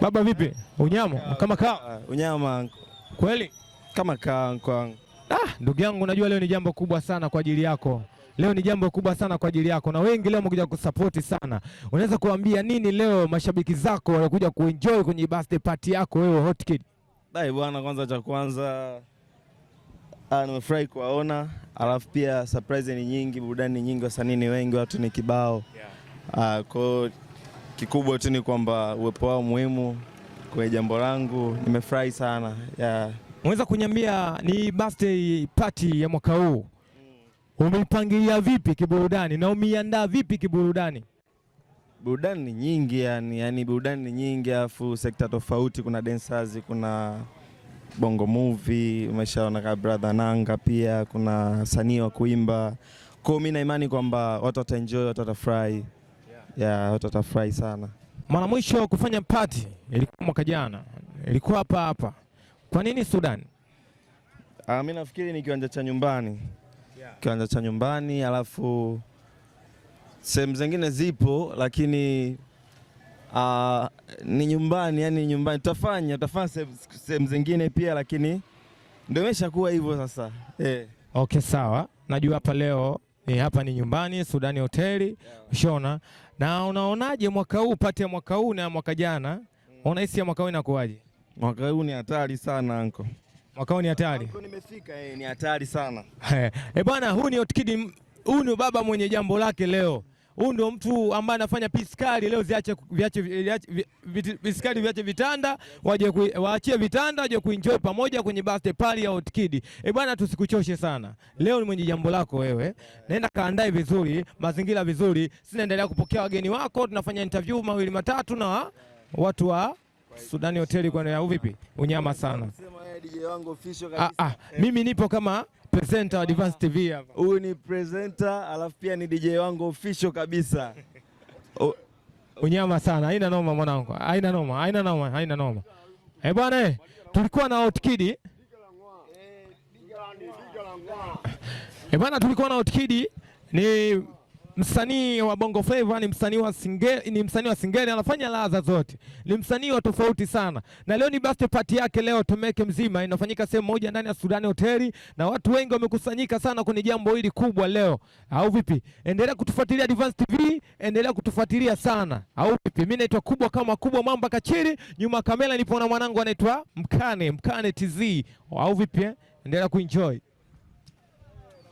Baba vipi? Unyama kama kaa. Uh, unyama kweli kama kawa kwangu. Ah, ndugu yangu, najua leo ni jambo kubwa sana kwa ajili yako. Leo ni jambo kubwa sana kwa ajili yako, na wengi leo wamekuja kusapoti sana. Unaweza kuambia nini leo mashabiki zako waliokuja kuenjoy kwenye birthday party yako wewe Hot Kid? Dai bwana, kwanza cha kwanza ah, nimefurahi kuwaona, alafu pia surprise ni nyingi, burudani ni nyingi, wasanii ni wengi, watu ni kibao. Yeah. Ah, kwa Kikubwa tu ni kwamba uwepo wao muhimu kwenye jambo langu, nimefurahi sana yeah. Unaweza kunyambia ni birthday party ya mwaka huu umeipangilia vipi kiburudani na umeiandaa vipi kiburudani? Burudani ni nyingi yani, yani burudani ni nyingi, alafu sekta tofauti, kuna dancers, kuna bongo movie, umeshaona ka brother Nanga, pia kuna sanii wa kuimba. Kwa mimi na imani kwamba watu wataenjoy, watu watafurahi ya watu watafurahi sana. Mara mwisho kufanya party ilikuwa mwaka jana, ilikuwa hapa hapa. Kwa nini Sudan? Ah, mimi nafikiri ni kiwanja cha nyumbani, kiwanja cha nyumbani, alafu sehemu zingine zipo lakini Uh, ni nyumbani yani nyumbani tutafanya tutafanya sehemu zingine pia, lakini ndio imeshakuwa hivyo sasa eh. Okay, sawa. Najua hapa leo ni eh, hapa ni nyumbani Sudani hoteli ushona. Na unaonaje mwaka huu pate mwaka huu na mwaka jana, mm. unahisi ya mwaka huu inakuwaje? Mwaka huu ni hatari sana anko, mwaka huu ni hatari nimefika, eh, ni hatari sana eh bwana. Huu ni Otkid, huu ni baba mwenye jambo lake leo huu ndio mtu ambaye anafanya piskari leo ziache viache piskari viache vitanda waje waachie vitanda waje kuenjoy pamoja kwenye birthday party ya Otkid. Eh, bwana tusikuchoshe sana. Leo ni mwenye jambo lako wewe. Naenda kaandae vizuri, mazingira vizuri. Sinaendelea kupokea wageni wako, tunafanya interview mawili matatu na watu wa Sudani Hoteli kwa vipi? Unyama sana. DJ wangu official ah, kabisa. Ah, ah. Eh. Mimi nipo kama presenter wa Advance TV hapa. Huyu ni presenter, alafu pia ni DJ wangu official kabisa. O, unyama sana. Haina noma mwanangu. Haina noma, haina noma, haina noma. Eh, bwana eh, tulikuwa na Outkid. Eh, eh, bwana tulikuwa na Outkid ni Msanii wa Bongo Flava ni msanii wa singe, ni msanii wa singeli anafanya ladha zote, ni msanii wa tofauti sana, na leo ni birthday party yake leo Temeke mzima inafanyika sehemu moja ndani ya Sudani Hoteli, na watu wengi wamekusanyika sana kwenye jambo hili kubwa leo, au vipi? Endelea kutufuatilia Advance TV, endelea kutufuatilia sana, au vipi? Mimi naitwa kubwa kama kubwa mamba kachiri, nyuma kamera nipo na mwanangu anaitwa Mkane, Mkane TZ, au vipi eh? Endelea kuenjoy.